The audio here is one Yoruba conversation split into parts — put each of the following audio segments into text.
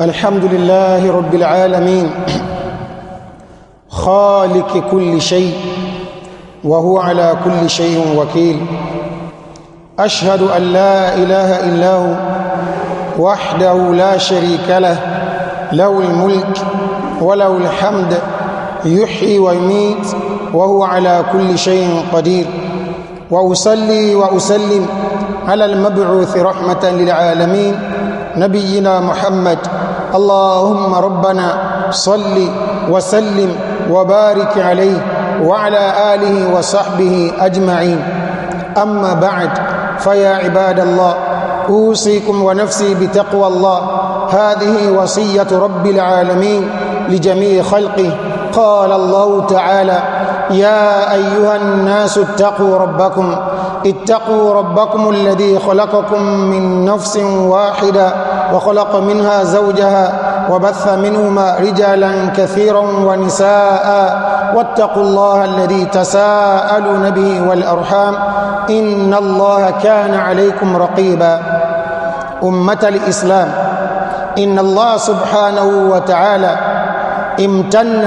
الحمد لله رب العالمين خالق كل شيء وهو على كل شيء وكيل أشهد أن لا إله إلا هو وحده لا شريك له له الملك وله الحمد يحيي ويميت وهو على كل شيء قدير وأصلي وأسلم على المبعوث رحمة للعالمين نبينا محمد اللهم ربنا صل وسلم وبارك عليه وعلى آله وصحبه أجمعين أما بعد فيا عباد الله أوصيكم ونفسي بتقوى الله هذه وصية رب العالمين لجميع خلقه قال الله تعالى يا أيها الناس اتقوا ربكم اتقوا ربكم الذي خلقكم من نفس واحدة وخلق منها زوجها وبث منهما رجالا كثيرا ونساء واتقوا الله الذي تساءلون به والأرحام إن الله كان عليكم رقيبا أمة الإسلام إن الله سبحانه وتعالى امتن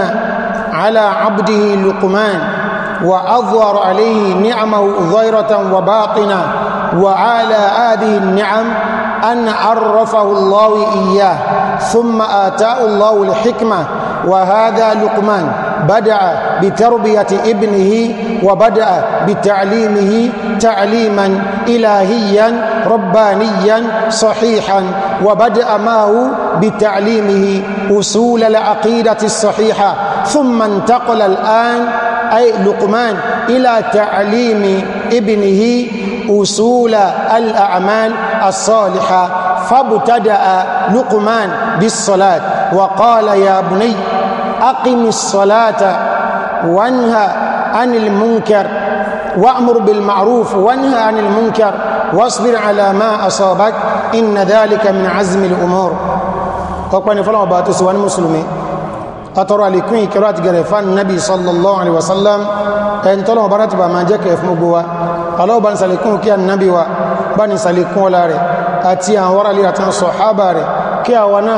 على عبده لقمان وأظهر عليه نعمه ظاهرة وباطنة وعلى هذه النعم أن عرفه الله إياه ثم آتاه الله الحكمة وهذا لقمان بدأ بتربية ابنه وبدأ بتعليمه تعليما إلهيا ربانيا صحيحا وبدأ معه بتعليمه أصول العقيدة الصحيحة ثم انتقل الآن أي لقمان إلى تعليم ابنه أصول الأعمال الصالحة فابتدأ لقمان بالصلاة وقال يا بني أقم الصلاة وانهى عن المنكر وأمر بالمعروف وانهى عن المنكر واصبر على ما أصابك إن ذلك من عزم الأمور وقال فلما باتس وان مسلمين أترى لكم كرات àti النبي صلى الله عليه وسلم wasallam ẹni براتبا ما جاك يفمقوا Allah bá ní sàlékún kí annabi wa bá ní sàlékún ọlá rẹ̀ àti àwọn ará líra tán sọ̀hábà rẹ̀ kí àwọn náà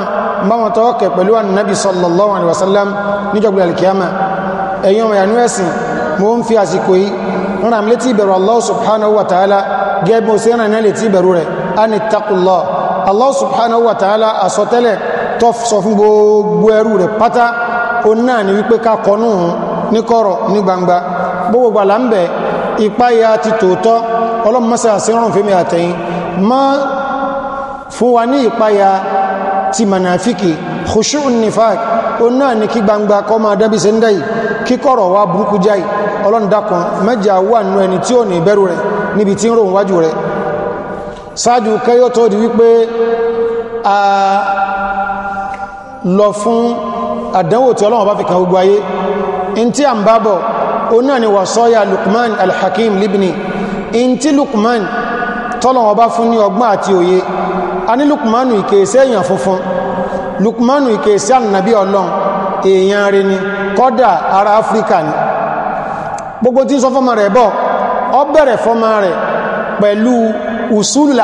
bá wọn tọwọ́ kẹ̀ pẹ̀lú annabi sallallahu alaihi wasallam níjọgbìn alkiyama ẹ̀yin ọmọ ní kọ̀rọ̀ ní gbangba gbogbo gbàlá ń ìpáyà ti tòótọ́ ọlọ́mọ́sá sí rọrùn àtẹ́yìn ma fún wa ní ìpáyà ti manáfíkì khushu'un nifaq o náà ní kí gbangba kọ́ máa dábí sí ń dáyì kí kọ̀rọ̀ wa burúkú jáì ọlọ́ndakùn mẹ́jà wà nínú ẹni tí ó ní ìbẹ̀rù rẹ̀ níbi tí ń rò wájú rẹ̀ ṣáájú kẹ́yọ́ di wípé a lọ fún àdánwò tí ọlọ́wọ̀n bá fi kan gbogbo ayé in tí à ń bábọ̀ oná ni wàsọ́yà Luqman al-Hakim libni in ti Luqman tọ́lọ̀wọ́ bá fún ní ọgbọ́n àti òye a ní Luqmanu ìkèsẹ́ èèyàn funfun Luqmanu ìkèsẹ́ ànàbí ọlọ́run èèyàn rẹ̀ ni kọ́dà ara Áfíríkà ni gbogbo tí ń sọ fọ́mọ rẹ̀ bọ́ ọ bẹ̀rẹ̀ fọ́mọ rẹ̀ pẹ̀lú usulul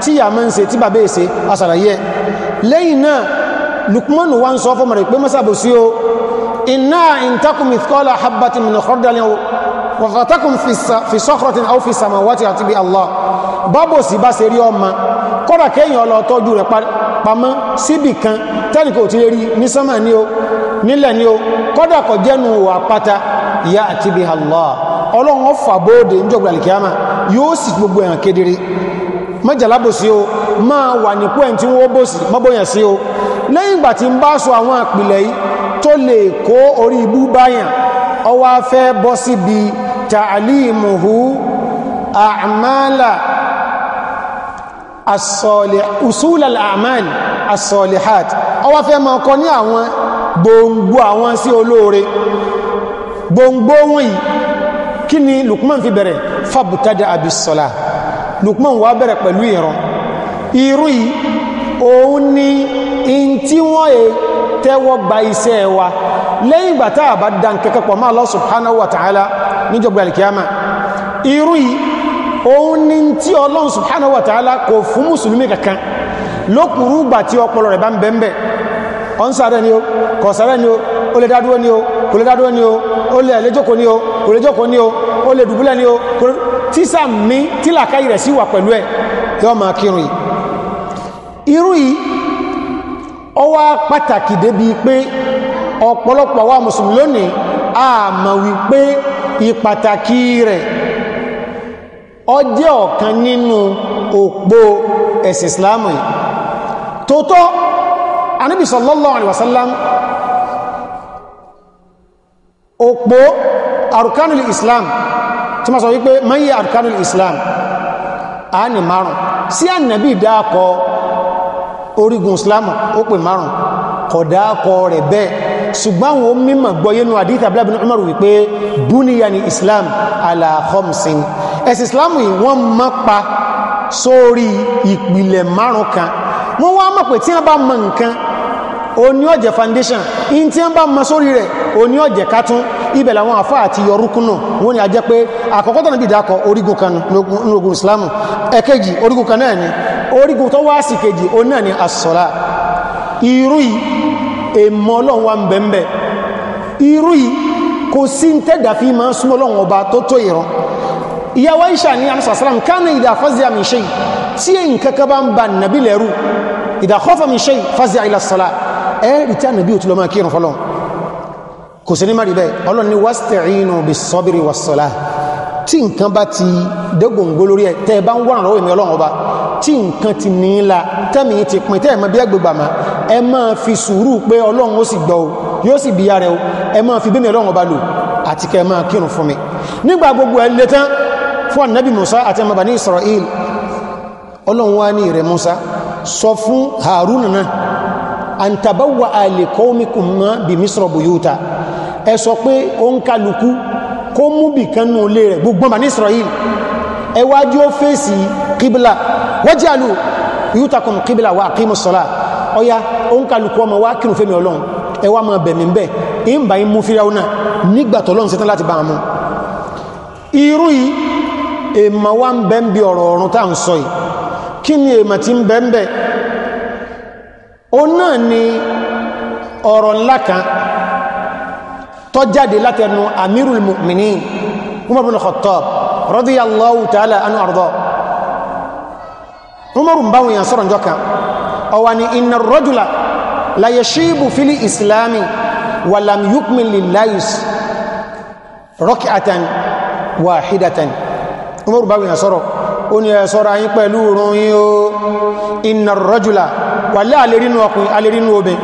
tí a mọ́ ń ṣe tí bàbá èsè asàlàyé lẹ́yìn náà Lukmanu wa ń sọ fọ́mọ rẹ̀ pé mọ́sàbò sí o iná ìntakùn mìtkọ́lá habbatin min khardalin wọ̀kọ̀takùn fi sọ́kọ̀rọ̀tìn aw fi samawati àti bí Allah bábò sí bá ṣe rí ọmọ kọ́dà kéèyàn lọ tọ́jú rẹ̀ pamọ́ síbì kan tẹ́nìkò tí lè yóò sì gbogbo ẹ̀hàn kedere mọ́jàlá bòsí o máa wà nípò ẹ̀ tí wọ́n bòsí mọ́bòyàn sí o lẹ́yìn ìgbà tí ń bá sọ àwọn àpìlẹ̀ yìí tó lè kó orí ibú báyàn ọwá fẹ́ bọ́ síbi ta'alimuhu a'mala as-salih usul al-a'mal as-salihat ọwá fẹ́ máa kọ́ ní àwọn gbòǹgbò àwọn sí olóore gbòǹgbò wọ̀nyí kí ni Lukman fi bẹ̀rẹ̀ fàbùtádà àbìsọ́lá Lukman wá bẹ̀rẹ̀ pẹ̀lú ìran irú yìí òun ni in tí wọ́n è tẹ́wọ́ gba iṣẹ́ wa lẹ́yìn ìgbà tá a bá dan kẹ́kẹ́ pọ̀ mọ́ Allah subhanahu wa ta'ala níjọba alkiyama irú yìí òun ni tí Ọlọ́run subhanahu wa ta'ala kò fún mùsùlùmí kankan lókùrú gbà tí ọpọlọ rẹ̀ bá ń bẹ́ẹ̀ ọ̀n sáré ni o kọ̀ sáré ni o ó lè dádúró ni o kò lè dádúró ni o ó lè lẹ́jọ́kọ́ ni o kò lè jọ́kọ́ ni o ó lè dùbúlẹ̀ ni o tí sàmì tí làkàyè rẹ̀ sí wà pẹ̀lú ẹ̀ yọ máa kírun yìí irú yìí ó wá pàtàkì débi pé ọ̀pọ̀lọpọ̀ wa mùsùlùmí lónìí a mọ̀ wípé ìpàtàkì rẹ̀ ó jẹ́ ọ̀kan nínú òpó ẹ̀sìn ìsìláàmù tó tọ́ anábì sallallahu alaihi wasallam òpó arkanul islam tí ma sọ wípé mayẹ arkanul islam a ní márùn sí ànàbì dákọ orígun islam ó pè márùn kọ̀ dákọ rẹ̀ bẹ́ẹ̀ ṣùgbọ́n àwọn mímọ̀ gbọ́yẹnu hadith Abdullah bin Umar wípé búníyà ní islam ala khamsin ẹ̀sì islam yìí wọ́n mọ́ pa sórí ìpìlẹ̀ márùn kan wọ́n wá mọ̀ pé tí wọ́n bá mọ̀ nǹkan òní ọ̀jẹ̀ foundation in tí ń bá mọ sórí rẹ̀ òní ọ̀jẹ̀ kátún ibẹ̀ làwọn àfá àti yọrúkúnnà wọ́n ni a jẹ́ pé àkọ́kọ́ tọ́nà bí kan lógun islamu ẹ̀kejì orígun kan náà ni orígun tó wá sí kejì ó náà ni asọ́lá irú yìí èmọ́ ọlọ́run wa ń bẹ̀m̀bẹ̀ irú yìí kò sí ń tẹ́dà fi máa ń súnmọ́ ọlọ́run ọba tó tó ìran ìyàwó ìṣà ní amsassalam kánà ìdàfọ́sí àmì ṣe tí èyí kankan bá ń ba nàbí lẹ́rù ìdàkọ́fà mi ṣe fásí àìlàsọ́lá ẹ̀rì tí ànàbí ò ti lọ máa kírun fọ́lọ́ kò sí ní má rí bẹ́ẹ̀ ọlọ́run ni wasta'inu bis-sabri was-salah tí nǹkan bá ti dẹ́gbòǹgbò lórí ẹ̀ tẹ́ ẹ bá ń wà lọ́wọ́ èmi ọlọ́run ọba tí nǹkan ti ní í la tẹ́mi ti pin tẹ́ ẹ̀ mọ bí ẹgbẹ̀gbà má ẹ máa fi sùúrù pé ọlọ́run ó sì gbọ́ o yóò sì o ẹ máa fi bẹ́mi ọlọ́run Israel ọlọ́run wá ní ìrẹ Musa sọ fún Haruna náà àǹtàbáwà àlèkọ́míkùnmá bí mísọ̀rọ̀ bòyóta ẹ sọ pé ó ń kálukú kó mú bì kan nù lé rẹ̀ gbogbo ọmọ ní Israel ẹ wájú ó fèsì kíbílà wọ́n jẹ́ àlù yútakùn kíbílà wà kí mùsọ̀lá ọya ó ń kálukú ọmọ wá kírun fẹ́mi ọlọ́run ẹ wá máa bẹ̀mí bẹ́ ń bá ń mú fíráwọ́ náà nígbà tọ́lọ́run ṣetán láti bá a mú irú yìí èèmọ̀ wá ń bẹ́ ń bi ọ̀rọ̀ ọ̀run tá à ń sọ yìí kí ni ti ń bẹ́ ń bẹ́ẹ̀ ó náà ni ọ̀rọ̀ ńlá kan tó jáde látẹnu amirul mu'minin Umar bin Khattab radiyallahu ta'ala anhu arda Umar ń báwọn èèyàn sọ̀rọ̀ ǹjọ́ kan ọwà ni inna ar-rajula la yashibu fil islami wa lam yukmil lillahi rak'atan wahidatan Umar báwọn èèyàn sọ̀rọ̀ wàlẹ́ àlerínú ọkùnrin àlerínú obẹ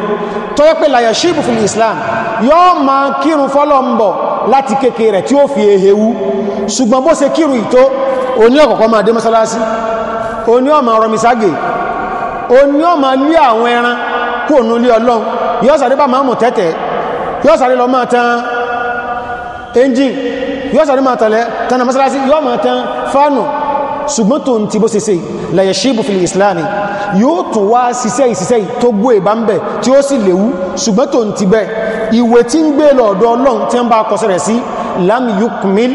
tó yẹ pé láyẹ̀ ṣíbù fún islam yóò ma kírun fọ́lọ̀ ń bọ̀ láti kéèké rẹ̀ tí ó fi ehewú ṣùgbọ́n bó ṣe kírun ìtó oní ọ̀kọ̀kọ́ máa dé mọ́sálásí oní ọmọ rọmiságè oní ọmọ lé àwọn ẹran kú ònú lé ọlọ́run yóò sáré bá máa ṣùgbọ́n tó ń ti bó ṣeṣe lẹ̀yẹ̀ ṣíbù fi ìsìláàmì yóò tún wá ṣiṣẹ́ ìṣiṣẹ́ tó gbó ìbá ń bẹ̀ tí ó sì léwu ṣùgbọ́n tó ń ti bẹ̀ ìwé tí ń gbé lọ́dọ̀ ọlọ́run tí ń bá kọsẹ̀ rẹ̀ sí lam yukmil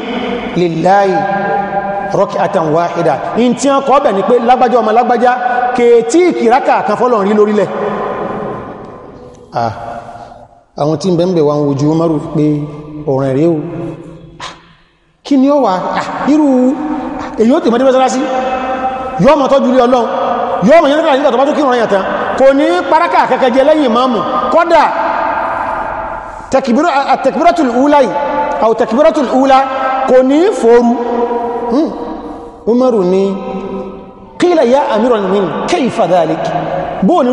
lillahi rak'atan wahida in tí wọ́n kọ́ bẹ̀ ni pé lágbájá ọmọ lágbájá kèétí ìkìrákà kan fọ́lọ̀ rí lórílẹ̀ kí ni ó wà irú èyí ó tèmọ́ ní mẹ́sánásí yọ́ mọ̀ tọ́jú ilé ọlọ́run yọ́ mọ̀ yẹ́nìyàn nígbà tó bá tó kírun ẹ̀yàn tán kò ní paraka kẹ́kẹ́ jẹ lẹ́yìn imamu kọ́dà takbiratul ula aw takbiratul ula kò ní fòoru hmm. umaru ni qila ya amiral mu'minin kayfa dhalik bóò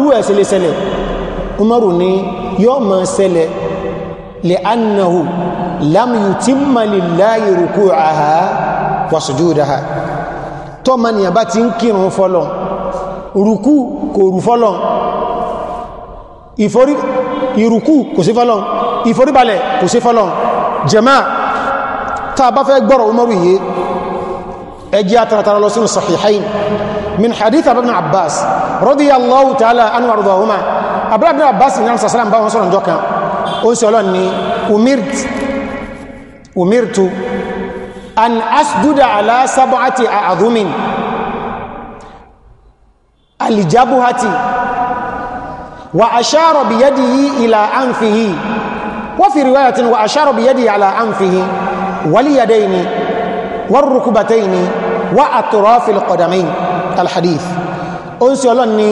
lam yutimma lillahi ruku'aha wa sujudaha tó ma nìyàn bá ti ń kírun fọ́lọ̀ rùkú kò rù fọ́lọ̀ ìrùkú kò sí fọ́lọ̀ ìforíbalẹ̀ kò sí fọ́lọ̀ jẹ́mà tá bá fẹ́ gbọ́rọ̀ umaru yìí ẹjẹ́ àtàràtàrà lọ sínú sahihain min hadith ibn abbas radiyallahu ta'ala anhu ardahuma abúrábí an asjuda ala sab'ati a'dhumin alijabuhati wa ashara bi yadihi ila anfihi wa fi riwayatin wa ashara bi yadihi ala anfihi wal yadayni war rukbataini wa atrafi al qadamain al hadith on olon ni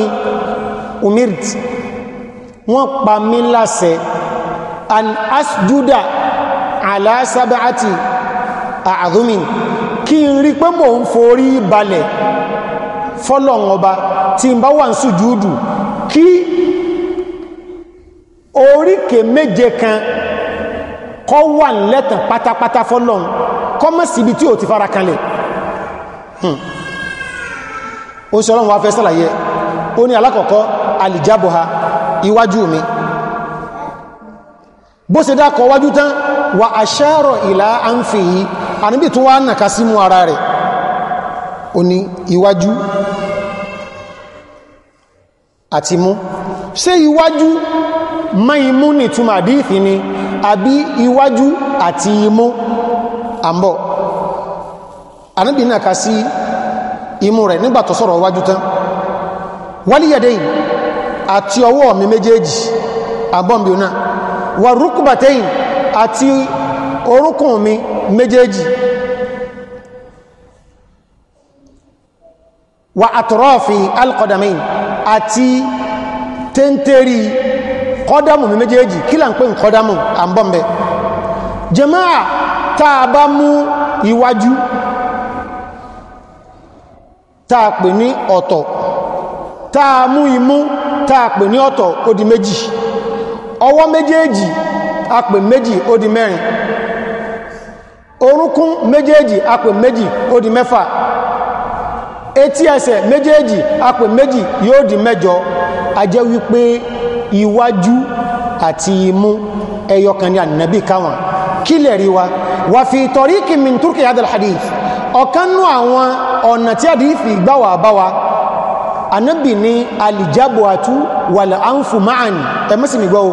umirt wọ́n pa mí láṣẹ an asjuda ala sab'ati àdúmì kí n rí pé mò ń forí balẹ̀ fọ́lọ̀n ọba tí n bá wà ń sùjúdù kí oríkè méje kan kọ́ wà lẹ́tàn pátápátá fọ́lọ̀n kọ́ mọ́ síbi tí ò ti fara kanlẹ̀ hmm. ó sọ lọ́wọ́ afẹ́ sàlàyé ó ní alákọ̀ọ́kọ́ alìjábọ̀ha iwájú mi bó ṣe dákọ̀ wájú tán wà aṣáàrọ̀ ìlà àǹfì yìí àníbì tún wá nàka sí mú ara rẹ̀ ó ní iwájú àti mú ṣé iwájú mọ́ imú ní túnmà àdíìfì ni àbí iwájú àti imú àmbọ̀ àníbì nàka sí imú rẹ̀ nígbà tó sọ̀rọ̀ iwájú tán wálíyàdẹ́ yìí àti ọwọ́ mi méjèèjì àbọ̀m̀bì náà wà rúkúbàtẹ́yìn àti orúnkún mi méjèèjì wa àtọ̀rọ̀fì alkọ̀dàmín àti téńtérí kọ́dàmù mi méjèèjì kí là ń pè ń kọ́dàmù à ń bọ́m̀bẹ̀ jẹmáà táa bá mú iwájú táa pè ní ọ̀tọ̀ táa mú imú táa pè ní ọ̀tọ̀ ó di méjì ọwọ́ méjèèjì a pè méjì ó di mẹ́rin orúnkún méjèèjì apè méjì ó di mẹ́fà etí ẹsẹ̀ méjèèjì apè méjì yóò di mẹ́jọ a jẹ́ wípé iwájú àti imú ẹyọkan ní ànàbí káwọn kí lè rí wa wà fi tọ̀rí kí min turkey adal hadith ọ̀kan nú àwọn ọ̀nà tí àdífì gbáwà báwa ànábì ní alìjábò àtú wà láàáfù máà ẹmẹ́sìn ìgbọ́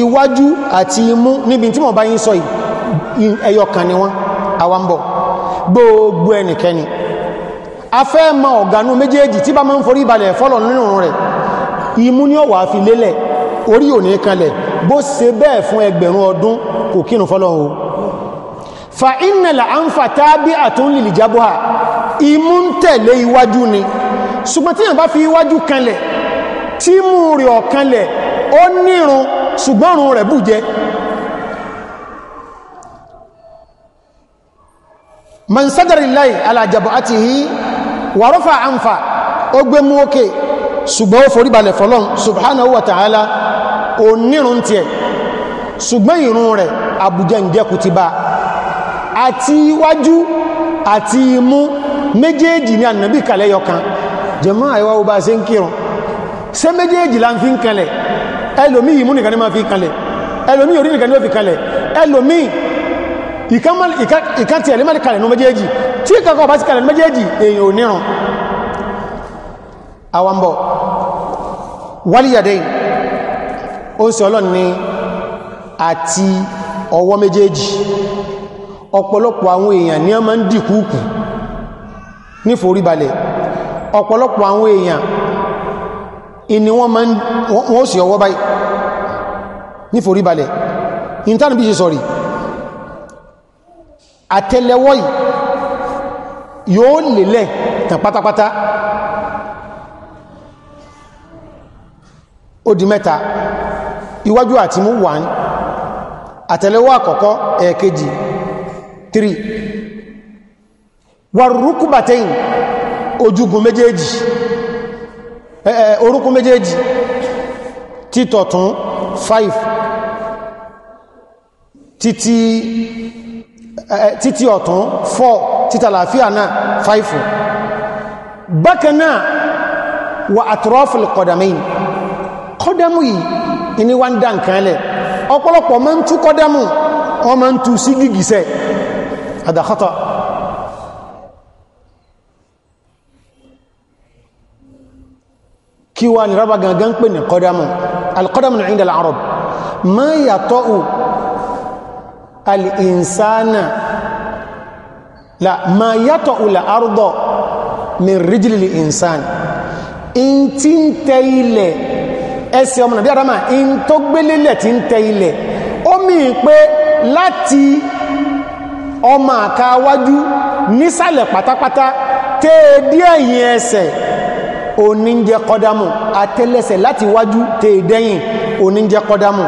iwájú àti imú níbi tí mo bá yín sọ yìí ẹyọkan ni wọ́n àwambọ̀ gbogbo ẹnikẹ́ni afẹ́ ma ọ̀gánú méjèèjì tí bá máa ń forí balẹ̀ fọ́lọ̀ nínú rẹ̀ imú ni ó wà fi lélẹ̀ orí ò ní kanlẹ̀ bó ṣe bẹ́ẹ̀ fún ẹgbẹ̀rún ọdún kò kínú fọ́lọ̀ o fa innala anfa tábí àtúnlìlì jábọ́ha imú ń tẹ̀lé iwájú ni ṣùgbọ́n tí yàn bá fi iwájú kanlẹ̀ tí mú rẹ̀ ọ̀kanlẹ̀ ó nírun ṣùgbọ́n rẹ̀ man sadari lai alajabu ati hi wa rufa anfa ó gbé mú òkè ṣùgbọ́n ó forí balẹ̀ fọ́lọ́n subhanahu wa ta'ala ó nírun tí ẹ̀ ṣùgbọ́n ìrun rẹ̀ àbújá ń jẹ́kù ti bá àti iwájú àti imú méjèèjì ní ànàbí kalẹ̀ yọkan jẹmọ́ àyíwá ó bá ṣe ń kírun ṣe méjèèjì la fi ń kalẹ̀ ẹlòmí ìmú nìkan ní ìkan tí ẹ̀lẹ́mẹ́lì kalẹ̀ ní méjèèjì tí ìkàkọ́ bá ti kalẹ̀ ní méjèèjì èyàn ò níran àwọ̀mbọ̀ wálíyàdé ó sì ọlọ́n ni àti ọwọ́ méjèèjì ọ̀pọ̀lọpọ̀ àwọn èèyàn ní ọmọ ń dìkúùkù ní foríbalẹ̀ ọ̀pọ̀lọpọ̀ àwọn èèyàn ìní wọ́n sì ọwọ́ báyìí ní foríbalẹ̀ ìntánibí ṣe sọ̀rọ̀ àtẹ́lẹwọ́ yìí yóò lélẹ̀ tàn pátápátá ó di mẹ́ta iwájú àti mú 1 àtẹ́lẹwọ́ àkọ́kọ́ ẹ̀ẹ̀kejì 3 wàrúkúbàtẹ́yìn ojúgun méjèèjì orúkún méjèèjì títọ̀tún 5 títí títí ọ̀tún 4 títà làáfíà náà 5 bákan náà wà àtúrọ́fìlì kọ̀dàmẹ́yìn kọ́dàmù yìí ni wá ń dá nǹkan lẹ̀ ọ̀pọ̀lọpọ̀ máa ń tú kọ́dàmù wọ́n máa ń tú sí gìgìsẹ̀ àdàkọ́tọ̀ kí wá ní rábà gangan pè ní kọ́dàmù alkọ́dàmù ní ìdàlá arab al'insana la ma yàtọ̀ ula arúgbọ̀ min ríjìlì insan in ti ń tẹ ilẹ̀ ẹsẹ̀ ọmọ nàbí àdámà in tó gbélélẹ̀ ti ń tẹ ilẹ̀ ó mì pé láti ọmọ àkáwájú nísàlẹ̀ pátápátá tẹ́ẹ̀dí ẹ̀yìn ẹsẹ̀ oníjẹ kọdámù àtẹ́lẹsẹ̀ láti wájú tẹ́ẹ̀dẹ́yìn oníjẹ kọdámù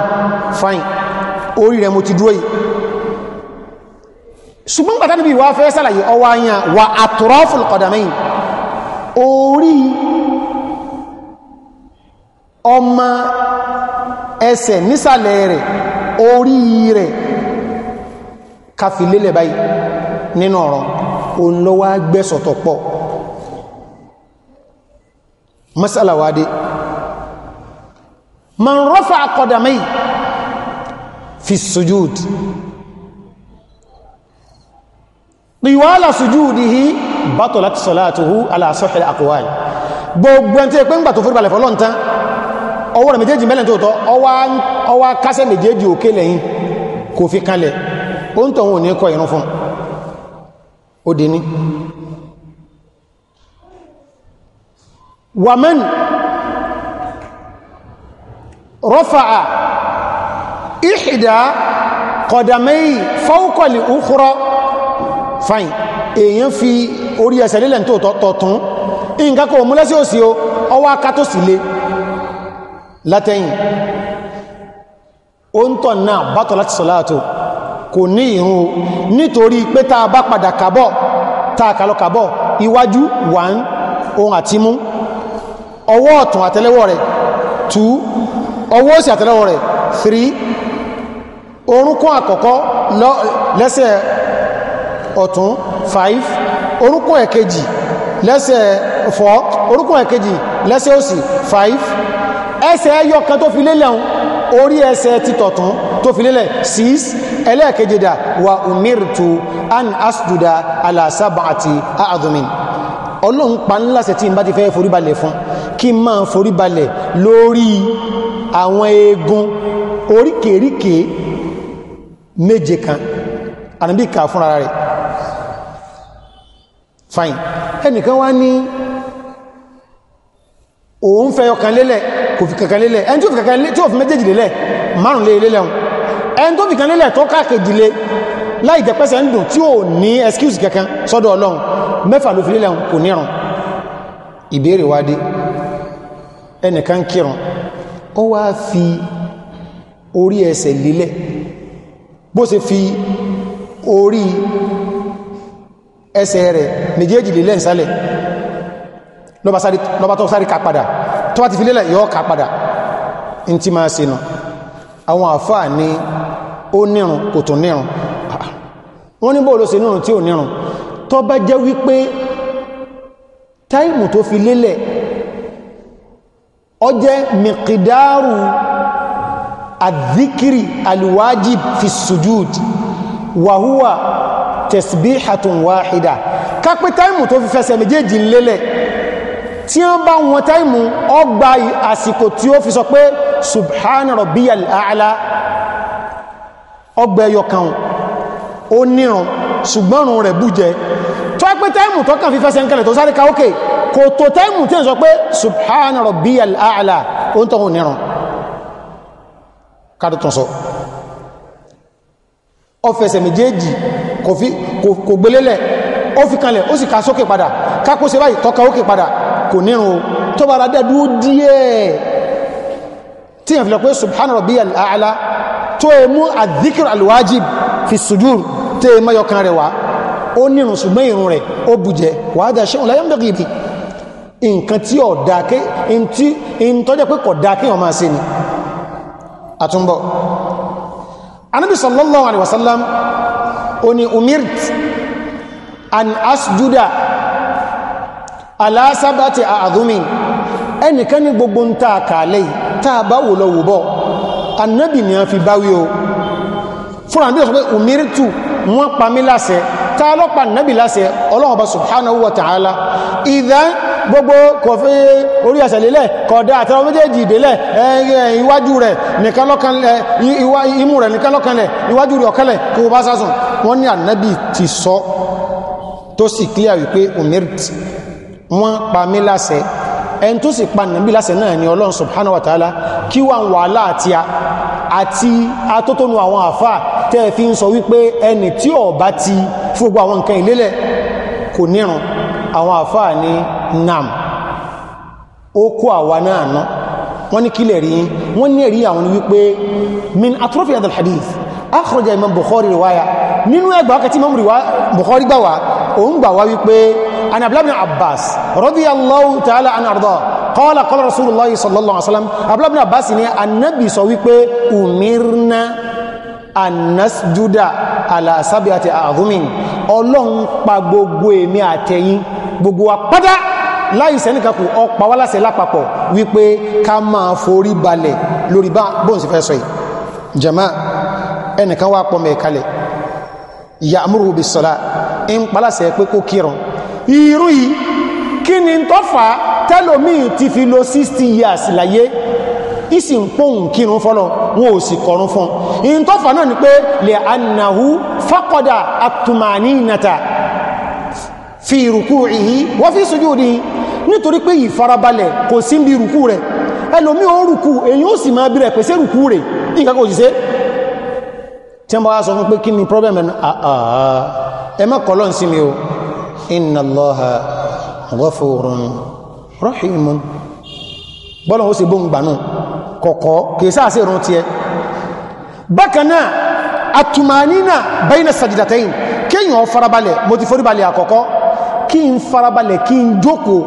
fine orí rẹ̀ mo ti dúró yìí ṣùgbọ́n pàtàkì bí wá fẹ́ sàlàyé ọwá yàn wà àtúrọ́fù kọ̀dàmẹ́yìn orí ọmọ ẹsẹ̀ nísàlẹ̀ rẹ̀ orí rẹ̀ kàfìlélẹ̀ báyìí nínú ọ̀rọ̀ òun gbẹ́sọ̀tọ̀ pọ̀ masalawade man rafa kọ̀dàmẹ́yìn fi sujúd tiwala sujudihi batalat salatuhu ala sahih al-aqwal gbogbo ẹn tí pé ń gbà tó fúrú balẹ̀ fọ́lọ́n tán ọwọ́ rẹ̀ méjèèjì mẹ́lẹ̀ tóòtọ́ ọwá kásẹ̀ méjèèjì òkè lẹ́yìn kò fi kalẹ̀ ó ń tọ̀hún ní fine èèyàn fi orí ẹsẹ̀ lílẹ̀ tó tọ̀tún nǹkan kò múlẹ́ sí òsì o ọwọ́ aká tó sì le látẹ̀yìn ó ń tọ̀ náà bátọ̀ láti sọ̀láàtò kò ní ìrun o nítorí pé ta a bá padà kàbọ̀ ta a kàlọ kàbọ̀ iwájú wàn ohun àti mú ọwọ́ ọ̀tún àtẹ́lẹwọ́ rẹ̀ 2 ọwọ́ òsì àtẹ́lẹwọ́ rẹ̀ 3 orúnkún àkọ́kọ́ lẹ́sẹ̀ ọ̀tún 5 orúnkún ẹ̀kejì lẹ́sẹ̀ 4 orúnkún ẹ̀kejì lẹ́sẹ̀ òsì 5 ẹsẹ̀ ẹyọ kan tó fi lélẹ̀ ohun orí ẹsẹ̀ títọ̀tún tó fi lélẹ̀ 6 ẹlẹ́ẹ̀kejìdà wa umirtu an asjuda ala sab'ati a'dhumin ọlọ́run pa ńláṣẹ tí n bá ti fẹ́ foríbalẹ̀ fún kí n máa foríbalẹ̀ lórí àwọn eegun oríkèríkè méje kan ànàbíkà fúnra rẹ̀ fine ẹnìkan wá ní òun fẹ́ ọkàn lélẹ̀ kò fi kankan lélẹ̀ ẹni tí ó fi kankan lélẹ̀ tí ó fi méjèèjì lélẹ̀ márùn lé lélẹ̀ hun ẹni tó fi kan lélẹ̀ tó káàkejì lé láì jẹ́ pẹ́sẹ̀ ń dùn tí ò ní excuse kankan sọ́dọ̀ ọlọ́run mẹ́fà ló fi lélẹ̀ hun kò níran ìbéèrè wá dé ẹnìkan kírun ó wá fi orí ẹsẹ̀ lélẹ̀ bó ṣe fi orí ẹsẹ̀ rẹ̀ méjèèjì lè lẹ́nsálẹ̀ lọ́bá tó sáré ká padà tó bá ti fi lélẹ̀ yọ́ ká padà in ti máa sinú àwọn àfáà ní ó nírun kò tún nírun ah, wọ́n ní bóòlò sí nírun tí ò nírun tó bá jẹ́ wípé táìmù tó fi lélẹ̀ ó jẹ́ mìkìdáàrù àdíkìrì alìwájì fi sùjúd wàhúwà tasbihatun wahida ká pé táìmù tó fi fẹsẹ̀ méjèèjì lélẹ̀ tí wọ́n bá wọn táìmù ọgbà àsìkò tí ó fi sọ pé subhana rabbiyal a'la ọgbà ẹyọ kan ó níran ṣùgbọ́n rẹ̀ bújẹ tó pé táìmù tó kàn fi fẹsẹ̀ ń kẹlẹ̀ tó sáré méjèèjì kò gbélélẹ̀ ó fi kanlẹ̀ ó sì ká sókè padà kápó ṣe báyìí tọ́ka ókè padà kò nírun tó bá ra dẹ́dú díẹ̀ tí yẹn fi lọ pé subhana rabbiyal a'la tó e fi sujur tó e mọ́yọ kan rẹ̀ wá ó nírun ṣùgbọ́n ìrun rẹ̀ ó bùjẹ́ wàá dà ṣe òun láyé ń bẹ̀rẹ̀ ibi nǹkan tí ọ̀ dáa ké ntí ntọ́jẹ́ pé kọ̀ dáa kéèyàn máa ṣe ni àtúnbọ̀ ó ní umirt an asjuda alásàbàtì àdúmìn ẹnìkan ní gbogbo ń ta àkàlẹ̀ tàà bá wò lọ wò annabi ni a fi báwí o fún àbí ọ̀sọ̀ pé umirtu wọ́n pa mí láṣẹ ta lọ́pàá nàbì láṣẹ ọlọ́ọ̀bá subhanahu wa ta'ala ìdá gbogbo kọfí orí ẹsẹ̀lélẹ̀ kọ̀dá àtàwọn méjèèjì ìdélẹ̀ iwájú rẹ̀ nìkan lọ́kanlẹ̀ imú rẹ̀ nìkan lọ́kanlẹ̀ iwájú rẹ̀ ọ̀kanlẹ̀ kí o bá sásùn wọ́n ní ànábì ti sọ tó sì clear wípé umirt wọ́n pa mí láṣẹ ẹni tó sì pa nàbì láṣẹ náà ni ń sọ wípé ẹni tí ó bá ti tí gbogbo àwọn nǹkan ìlélẹ̀ kò nírun àwọn àfáà ní nam ó kó àwa náà ná wọ́n ní kílẹ̀ rí wọ́n ní ẹ̀rí àwọn wípé min atrofi adal hadith akhraja imam bukhari riwaya nínú ẹgbà wákàtí imam bukhari gbà wá òun gbà wá wípé anablabi abbas radiyallahu ta'ala an arda qala qala rasulullah sallallahu alaihi wasallam abbas ni annabi sọ wípé umirna annasjuda àlàsábì àti àhúnmí ọlọ́run pa gbogbo èmi àtẹ̀yìn gbogbo apádá láì sẹ́nìkàkù ọpa wá láṣẹ lápapọ̀ wípé ká máa forí balẹ̀ lórí bá bóun sì fẹ́ sọ yìí jama ẹnìkan wá pọ̀ mẹ́ẹ̀kalẹ̀ ìyá amúrú bí sọ́lá ń paláṣẹ pé kó kírun irú yìí kí ni tó fà ti fi lo 60 years láyé ìsì ń pòhùn kírun fọ́lọ wọn ò sì kọrún fún in tó fà náà ni pé lè annahu faqada at-tumaninata fi ruku'ihi wa fi sujudihi nítorí pé ìfarabalẹ̀ kò sí bí rùkú rẹ̀ ẹlòmí ó rùkú èyí ó sì máa bí rẹ̀ pèsè rùkú rẹ̀ nǹkan kò sì ṣe tí wọ́n bá sọ fún pé kí ni problem ah, ah, ẹ má kọ́ lọ́n sí mi o inna Allaha ghafurun rahimun bọ́lọ̀ ó sì bóun gbà náà kọ̀kọ́ kèsà sí ìrún tí ẹ bákanáà àtùmánínà bẹ́yìn sàjìdàtẹ́yìn kíyàn farabalẹ̀ mo ti foríbalẹ̀ àkọ́kọ́ kí n farabalẹ̀ kí n jókòó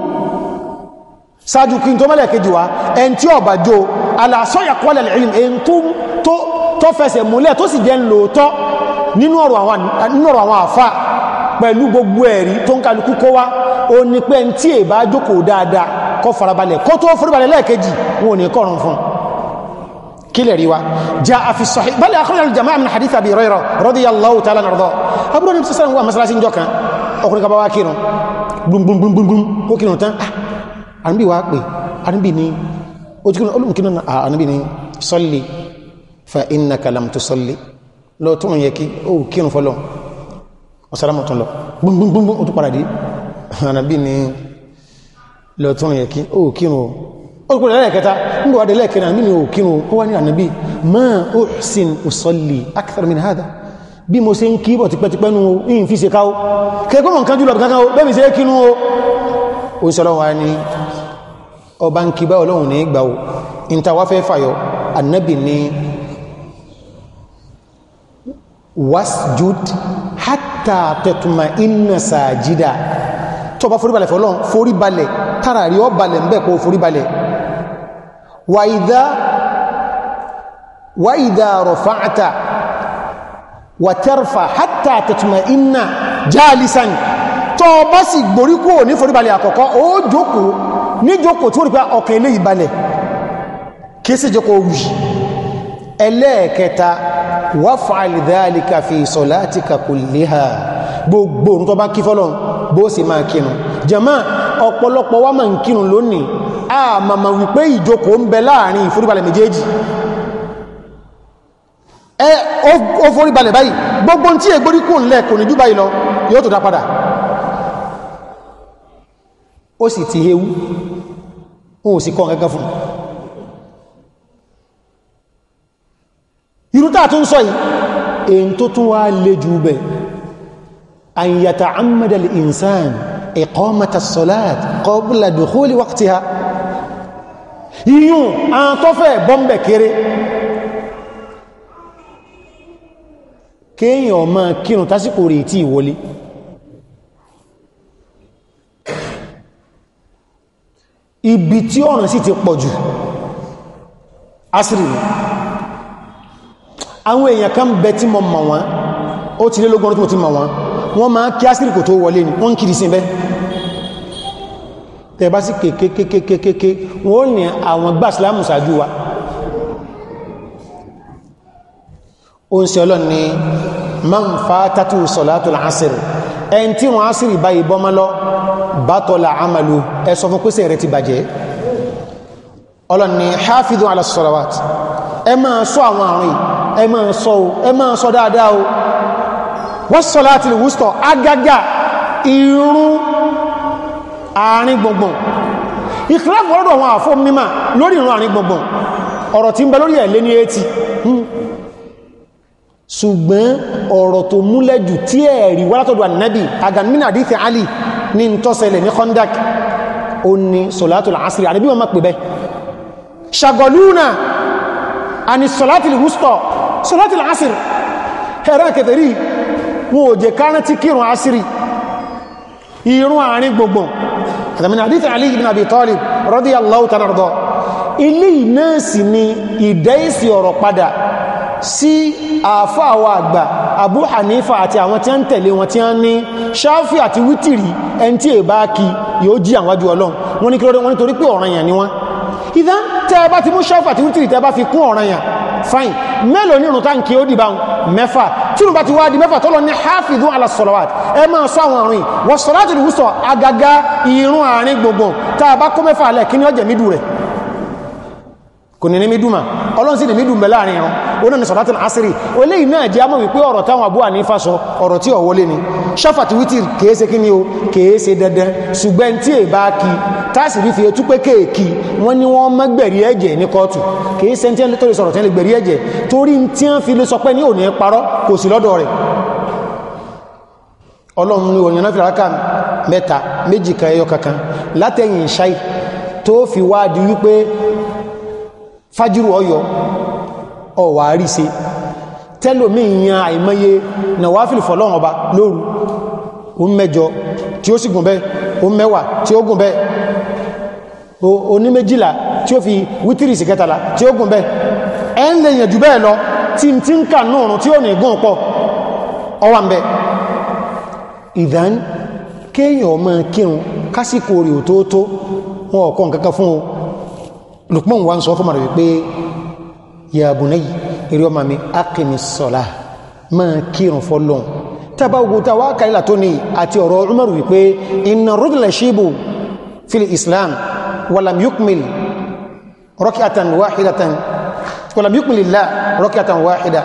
sáájú kí n tó mẹ́lẹ̀ kejì wá ẹn tí ọba jó aláṣọ́yà kọ́lẹ̀ ìlú èyí tó fẹsẹ̀ múlẹ̀ tó sì jẹ́ ń lòótọ́ nínú ọ̀rọ̀ àwọn àfà pẹ̀lú gbogbo ẹ̀rí tó ń kálukú kó wá o ní farabalẹ̀ kó tó foríbalẹ̀ lẹ́ẹ̀kejì wọn ò ní kọ̀rùn fún un كلا روا جاء في الصحيح بل أخرج الجماعة من حديث أبي هريرة رضي الله تعالى عنه أبو النبي صلى الله عليه وسلم جوكا أخرج بابا كينو بلوم بلوم بلوم بلوم وكينو تان أنبي واقبي أنبي ني وتكون أقول ممكن أنبي ني صلي فإنك لم تصلي لو تون يكي أو كينو فلو وسلام الله بلوم بلوم بلوم وتقرأ دي أنبي ني لو تون يكي أو كينو أقول لك كذا nígbà wádẹ lẹ́ẹ̀kẹ́ náà nínú òkínú ó wá ní ànábí ma ó sin usalli akthar min hada bí mo ṣe ń kí bọ̀ tipẹ́tipẹ́ nú ìyìn fi ṣe káó kẹgbọ́n mọ̀ nǹkan jùlọ kankan bẹ́mi ṣe kínú o ó ń sọ́rọ̀ wa ní ọba ń kí bá ọlọ́run ní ìgbà o ìta wá fẹ́ fàyọ ànábì ní wasjud hatta tatma inna sajida tó bá foríbalẹ̀ fọ́lọ́run foríbalẹ̀ tààrí ọ balẹ̀ ń bẹ̀ kó foríbalẹ̀ وإذا وإذا رفعت وترفع حتى تطمئن جالسا tó bá sì gborí kúrò ní foríbalẹ̀ àkọ́kọ́ ó jókòó ní jókòó tí ó rí pé ọkàn ilé ìbalẹ̀ kí sí jókòó wì ẹlẹ́ẹ̀kẹta waf'al dhalika fi salatika kulliha gbogbo orun tó bá kí fọ́lọ́n bó sì máa kírun jàmáà ọ̀pọ̀lọpọ̀ wa máa ń kírun lónìí a màmà wípé ìjókòó ń bẹ láàrin ìforíbalẹ̀ méjèèjì ẹ ó foríbalẹ̀ báyìí gbogbo tí ègbórí kò ńlẹ̀ kò ní jú báyìí lọ yóò tó dá padà ó sì ti hewu ó sì kọ́ gẹ́gẹ́ fún irúta tún sọ yìí èyí tó tún wá lè jù bẹ̀ àyàtà àmàdàlì ìnsàn ìkọ́màtà sọ́láàt kọ́bùlà dùkúlì wáktíha ìyún àwọn tó fẹ́ bọ́m̀bẹ̀ kéré kéèyàn ọmọ kírùn tásìkò rẹ̀ tí ìwọlé ibi tí ọ̀nà sì ti pọ̀ jù asìrì àwọn èèyàn kan bẹ tí mo mọ̀ wọ́n ó ti lé lógún ọdún tí mọ̀ wọ́n wọ́n máa kí asìrì kò tó wọlé ni wọ́n kìrì sí bẹ́ẹ̀ tẹ̀bá sí kékékékékéké wọ́n ní àwọn gbà sílámù sáájú wa o ń se ọlọ́n ni man fatatu salatul asr ẹn tí wọ́n asìrì báyìí bọ́mọ́lọ́ bátọ́lá amalu ẹsọ fún pèsè rẹ̀ ti bàjẹ́ ọlọ́n ni hafidu ala salawat ẹ máa ṣọ́ àwọn àrùn ẹ máa ṣọ́ o ẹ àárín gbọ̀ngbọ̀n ìkìláàfù ọ̀rọ̀ àwọn àfọ́ mímà lórí ìran àárín gbọ̀ngbọ̀n ọ̀rọ̀ tí ń bẹ lórí ẹ̀ lé ní 80 hmm. ṣùgbọ́n ọ̀rọ̀ tó múlẹ̀ jù tí ẹ̀rí wá látọ̀dọ̀ ànábì aganmina àdífẹ́ alì ní tọ́sẹlẹ̀ ní kọ́ndak ó ní sọ̀látò làásìrì ànábì wọn máa pè bẹ́ ṣàgọ̀lúnà àni sọ̀látì àárín gbogbo من حديث علي بن أبي طالب رضي الله تعالى عنه ilé ìnáàsì ni ìdẹ́ìsì ọ̀rọ̀ padà sí àfáàwà àgbà Abu Hanifa àti àwọn tí a ń tẹ̀lé wọn tí a ń ní ṣáfí àti wítìrì ẹn tí è bá kí yóò jí àwájú Ọlọ́run wọ́n ní kí lórí wọ́n nítorí pé ọ̀ranyàn ni fine mélòó ní ìrùntá ń kí tún bá ti wá di mẹ́fà tọ́lọ ní hafizu alasọ̀lọ́wàt ẹ máa sọ àwọn àrùn wọ́n sọ̀rọ̀ àti ìwúsọ̀ agaga ìrún àárín gbogbo tá kó mẹ́fà alẹ́ kí ni ọjẹ́ rẹ̀ kò ní ní mídùmá ọlọ́nsí ní mídùmá láàrin ìran ó ní asiri o lè náà jẹ́ mọ́ wípé ọ̀rọ̀ táwọn Abu Hanifa sọ ọ̀rọ̀ tí ọ̀wọ́ lé ní ṣọ́fàtí wítì kèése kí ni o kèése dandan ṣùgbẹ́n tí è bá kí táàsì rí fi etú pé kéèkì wọ́n ní wọ́n mọ́ gbẹ̀rí ẹ̀jẹ̀ ní kóòtù kèése tí wọ́n lè sọ̀rọ̀ tí wọ́n lè gbẹ̀rí ẹ̀jẹ̀ torí tí wọ́n fi lè sọ pé ní òní parọ́ kò sí lọ́dọ̀ rẹ̀ ọlọ́run ni òyìnbó fi rákà mẹ́ta méjì kan ẹyọ kankan látẹ̀yìn ṣáì tó fi wá di wípé fajiru ọyọ ọwà se tẹ́lòmí ìyàn àìmọye na wá fìlì ọba lóru o mẹ́jọ tí ó sì gùn bẹ́ o mẹ́wàá tí ó gùn o ní méjìlá tí ó fi witiri sí kẹtàlá tí ó gùn bẹ́ ẹ ń lè yànjú bẹ́ẹ̀ lọ tí tí ń kà náà tí ó ní gùn pọ̀ ọwà ń ìdán kéèyàn ọmọ kírun kásìkò ò wọn Lukman wa ń sọ fọmọ rẹ wípé ya bunayya eré ọmọ mi aqimis salah máa kírun fọlọ́n tábà wòtá wá kàílà tó ní àti ọ̀rọ̀ Umar wípé inna rọ́dìlẹ̀ ṣíbù fil Islam walam yukmil rak'atan wahidatan walam yukmil la rak'atan wahida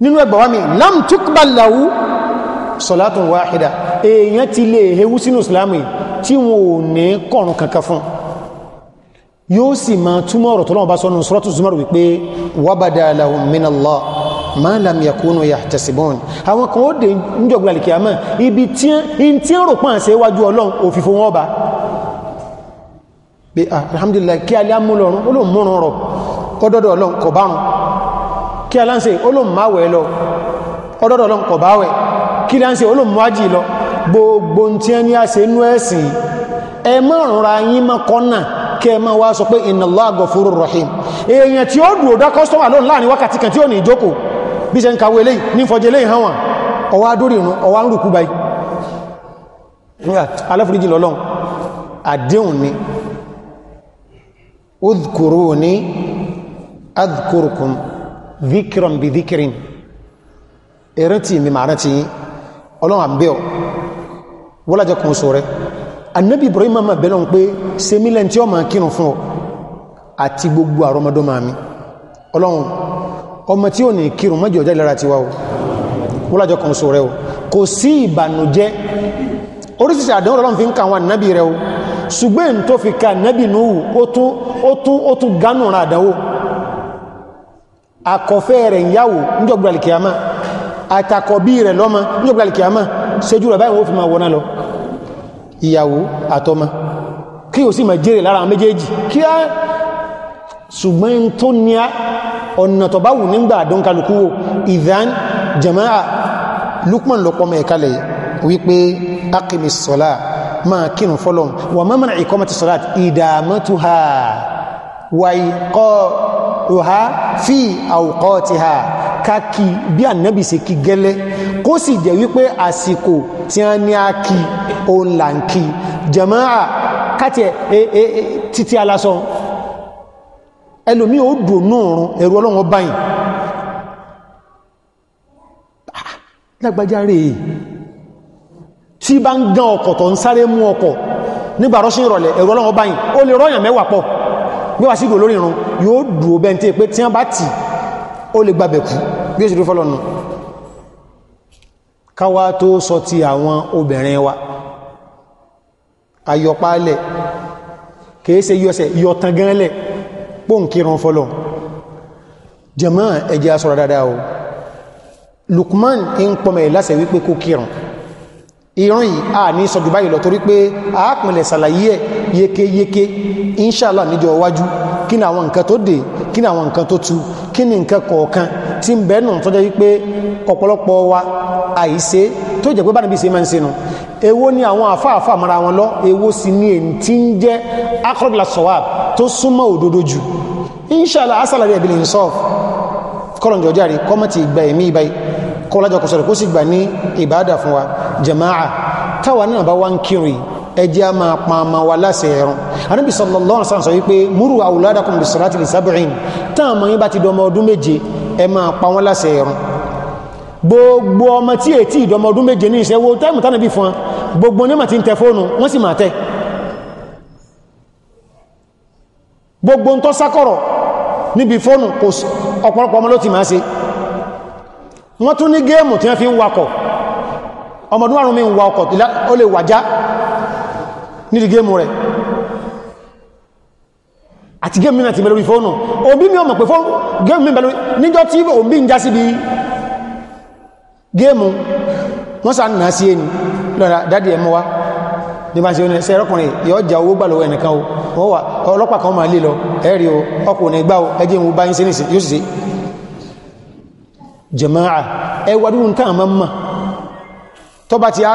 nínú ẹgbà wá mi lam tuqbal lahu salatun wahida èèyàn ti lè hewu sínú Islam tí wọn ò ní kọ̀rùn kankan fún yóò sì máa túmọ̀ ọ̀rọ̀ tọ́lọ́wọ́ bá sọ́nù sọ́rọ́tù Zumar wípé wabada lahum minallah ma lam yakunu yahtasibun àwọn kan ó dé níjọ̀gbìn àlìkìyàmọ́ ibi tí ń tí ń rò àṣẹ iwájú ọlọ́run òfìfo wọn ọba pé ah, alhamdulillah kí alẹ́ amúlọrun ó lóun múrun rọ ọdọ́dọ̀ ọlọ́run kọ̀ bárun kí aláǹsẹ̀ ó lóun máwẹ̀ lọ ọdọ́dọ̀ ọlọ́run kọ̀ báwẹ̀ kí aláǹsẹ̀ ó lóun májì lọ gbogbo tí ẹni àṣẹ inú ẹ̀sìn ẹ márùn ra yín mọ́kọ́ náà kẹ ma wá sọ pé inna Allah ghafurur rahim èèyàn tí ó dúró dá kọ́sọ́mà lónìí láàrin wákàtí kan tí ó ní ìjókòó bí ṣe ń kàwé lẹ́yìn ní fọjẹ́ lẹ́yìn hàn wọn ọwá dórí ìrún ọwá ń rùkú báyìí wọ́lájẹ́ kùn sọ annabi ibrahim ma bẹ̀rẹ̀ pé se mílẹ̀ tí ó ma kírun fún ọ àti gbogbo àrọmọdọ́ ma mi ọlọ́run ọmọ tí ó ní kírun mọ́jọ ọjọ́ ìlara ti wá o wọ́lájọ kan so rẹ o kò sí ìbànújẹ́ oríṣiríṣi àdánwò ọlọ́run fi ń ka àwọn annabi rẹ o ṣùgbọ́n tó fi ka annabi nuhu ó tún ó tún gánù ra àdánwò akọ̀fẹ́ rẹ̀ ń yáwò níjọ̀gbìlàlìkìyàmá àtàkọ̀bí rẹ̀ lọ́mọ níjọ̀gbìlàlìkìyàmá sejú rẹ̀ báyìí wọ́n fi máa wọ́ná lọ ìyàwó àtọmọ kí o sì mọ̀ jèrè lára àwọn méjèèjì kí á ṣùgbọ́n tó ní á ọ̀nà tọ̀bá wù nígbà àdún kalùkú wo ìdán jama'a Lukman lọ́pọ̀ mẹ́ kalẹ̀ wípé akimi sọ́lá ma kírùn fọ́lọ́n wà kó sì jẹ́ wípé àsìkò tí a ní a kí òun là ń kí jàmáà káti ẹ̀ e, e, e, títí alásọ ẹlòmí ó dùn náà rún ẹ̀rù ọlọ́wọ́ báyìí ah, lágbàjá rèé tí bá ń gán ọkọ̀ tó ń sáré mú ọkọ̀ nígbà rọ́ṣí ìrọ̀lẹ̀ ẹ̀rọ ọlọ́wọ́ báyìí ó lè rọ́yàn mẹ́wàá pọ̀ bí wà sí ìgbò lórí irun yóò dùn ó bẹ́ntẹ́ pé tí wọ́n bá tì ó lè gbàbẹ̀kú bí ó sì rí fọ́lọ́nù káwá tó sọ ti àwọn obìnrin wa ayọ̀pálẹ̀ kèése yọ́sẹ̀ yọ̀tangánlẹ̀ pòǹkìrán fọ́lọ̀ jẹ̀mọ́ ẹjẹ́ asọ́rọ̀ dáadáa o Lukman ń pọmẹ̀ lásẹ̀ wípé kó kíràn ìran yìí a ní sọ́jú báyìí lọ torí pé a pìnlẹ̀ sàlàyé ẹ̀ yékéyéké inṣàlá níjọ iwájú kí ni àwọn nǹkan tó dé kí ni àwọn nǹkan tó tu kí ni nǹkan kọ̀ọ̀kan tí ń bẹ́ẹ̀ nù tó jẹ́ wípé ọ̀pọ̀lọpọ̀ wa àìṣe tó jẹ́ pé bá níbi ṣe máa ń ṣe nù ni àwọn àfáàfà mara wọn lọ èwo sì ni èyí tí ń jẹ́ akọ́dùlà sọ̀wà tó súnmọ́ òdodo jù inṣàlá asàlàrí ẹ̀bí lè ń sọ kọ́lọ̀ jọjá rí jama'a táwa náà bá wá ń kírun ẹjẹ́ a máa pa ma wa láṣẹ ẹ̀rùn anábì sallallahu alaihi wasallam sọ wípé múrù àwùládàkùn bí sọ̀rọ̀ àti lè sábìrín táà mọ̀ yín bá ti dọmọ ọdún méje ẹ máa pa wọ́n láṣẹ ẹ̀rùn gbogbo ọmọ tí ètí ìdọmọ ọdún méje ní ìṣẹ́wó táìmù tánà bí fún gbogbo onímọ̀ tí ń tẹ fóònù wọ́n sì máa tẹ́ gbogbo ń tọ́ sákọ̀rọ̀ níbi fóònù kò ọ̀pọ̀lọpọ̀ ọmọ ló ti máa ṣe wọ́n tún ní géèmù tí wọ́n fi ń wakọ̀ ọmọdún àrùn mi ń wa ọkọ̀ ó lè wàjá nídìí géèmù rẹ̀ àti gẹ́mì náà ti bẹ̀rẹ̀ orí fóònù òbí mi ọmọ pé fóònù gẹ́mì bẹ̀rẹ̀ níjọ́ tí òbí ń já síbi géèmù wọ́n sá nà sí ẹni lọ́dà dádì ẹ̀mọ́ wá ní bá ṣe oní ẹsẹ̀ ẹ̀rọ́kùnrin yóò jà owó gbà lọ́wọ́ ẹnìkan o wọ́n wà ọlọ́pàá kan máa lè lọ ẹ̀rí o ọkùnrin gbá o ẹjẹ́ ìwọ̀n bá yín sí ní yóò sì sí jẹ̀máà ẹ wádùn nǹkan àmọ́ mọ́ tọ́ bá ti á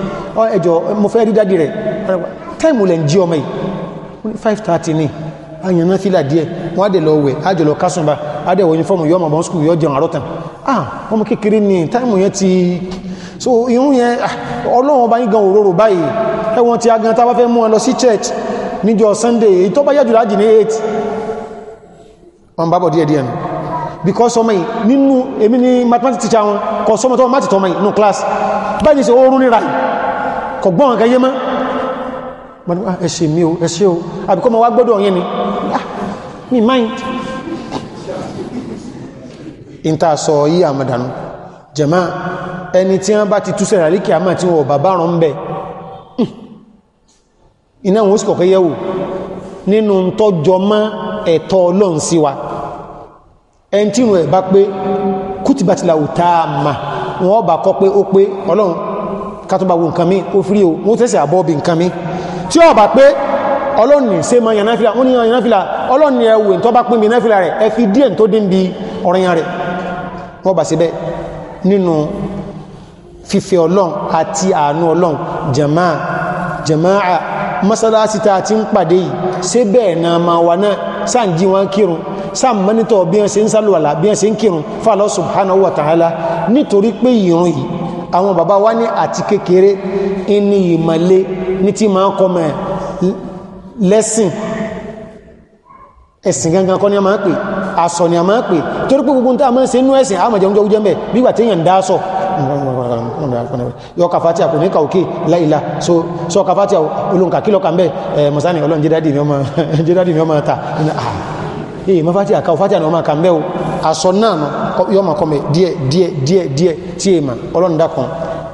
ẹjọ́ mo fẹ́ rí dádì rẹ̀ táìmù lẹ̀ ń jí ọmọ yìí 5:30 ní àyàn náà fílà díẹ̀ wọ́n adẹ̀ lọ wẹ̀ ajọ̀ lọ kásùnbà adẹ̀ wọ uniform yọ ọmọ bọ́n skul yọ jẹun àrọ́tàn ah ọmọ kékeré ní táìmù yẹn ti so irun yẹn ọlọ́run ọba yín gan òróró báyìí ẹwọn ti agan a bá fẹ́ mú ọ lọ sí church níjọ́ sunday èyí tó bá yájú láàjì ní 8 wọn bá bọ̀ díẹ̀ díẹ̀ nù because ọmọ yìí nínú èmi ní mathematics teacher wọn kọ sọmọ tó wọn má ti tọ́ yìí nù class báyìí ní sọ oorun ní ráyìí kọ̀gbọ́n ọ̀gá yé mọ́ ah, ẹ̀ṣẹ̀ mi o ẹ̀ṣẹ̀ o àbíkọ́ ma wá gbọ́dọ̀ yẹn ni ah, mi mind in ta sọ yí àmàdànù jẹ̀má ẹni tí wọ́n bá ti túsẹ̀ ràríkì àmà tí wọ́n bàbá rán bẹ̀ hmm. iná wọn ó sì kọ̀kọ́ yẹ̀wò nínú tọ́jọ mọ́ ẹ̀tọ́ ọlọ́run sí wa ẹni tí wọ́n ẹ̀ bá pé kútìbátìláwò táàmà wọ́n bá kọ́ pé ó pé ọlọ́run kátúbà wo mi ó fírí o wọ́n tẹ́sẹ̀ àbọ́bì nǹkan mi tí ó bá pé ọlọ́ni ṣe ma yanáfílà wọ́n ni yanáfílà ọlọ́ni ẹwẹ̀ tó bá pín mi yanáfílà rẹ̀ ẹ fi díẹ̀ tó dín bí ọ̀rìyàn rẹ̀ wọ́n bà síbẹ̀ nínú fífẹ́ ọlọ́run àti àánú ọlọ́run jamaa jamaa masalasi ta ti ń pàdé yìí ṣé bẹ́ẹ̀ na ma wà náà sáà ń jí wọn kírun sáà mọ́nítọ̀ bí wọ́n ṣe ń sálùwàlà bí wọ́n ṣe ń kírun fáàlọ́ subhanahu wa ta'ala nítorí pé ìrun yìí àwọn bàbá wa ní àti kékeré ní ìmọ̀lé ní tí máa kọ́ mẹ́ lẹ́sìn ẹ̀sìn gangan kọ́ ni a máa pè asọ̀ ni a máa pè torí pé gbogbo tá máa ṣe inú ẹ̀sìn àmàjẹ́ oúnjẹ oúnjẹ mẹ́ bígbà tí èèyàn dá yọ kàfàtí àkùnrin kà òkè láìlá so kàfàtí olóǹkà kí lọ́kà mẹ́ mọ̀sánì ọlọ́run jẹ́dádì ni ọmọ ta èyí mọ́fàtí àkà òfàtí àná ọmọ asọ náà nọ yọ ma kọmẹ díẹ̀ díẹ̀ díẹ̀ díẹ̀ tí e ma Ọlọ́run dákun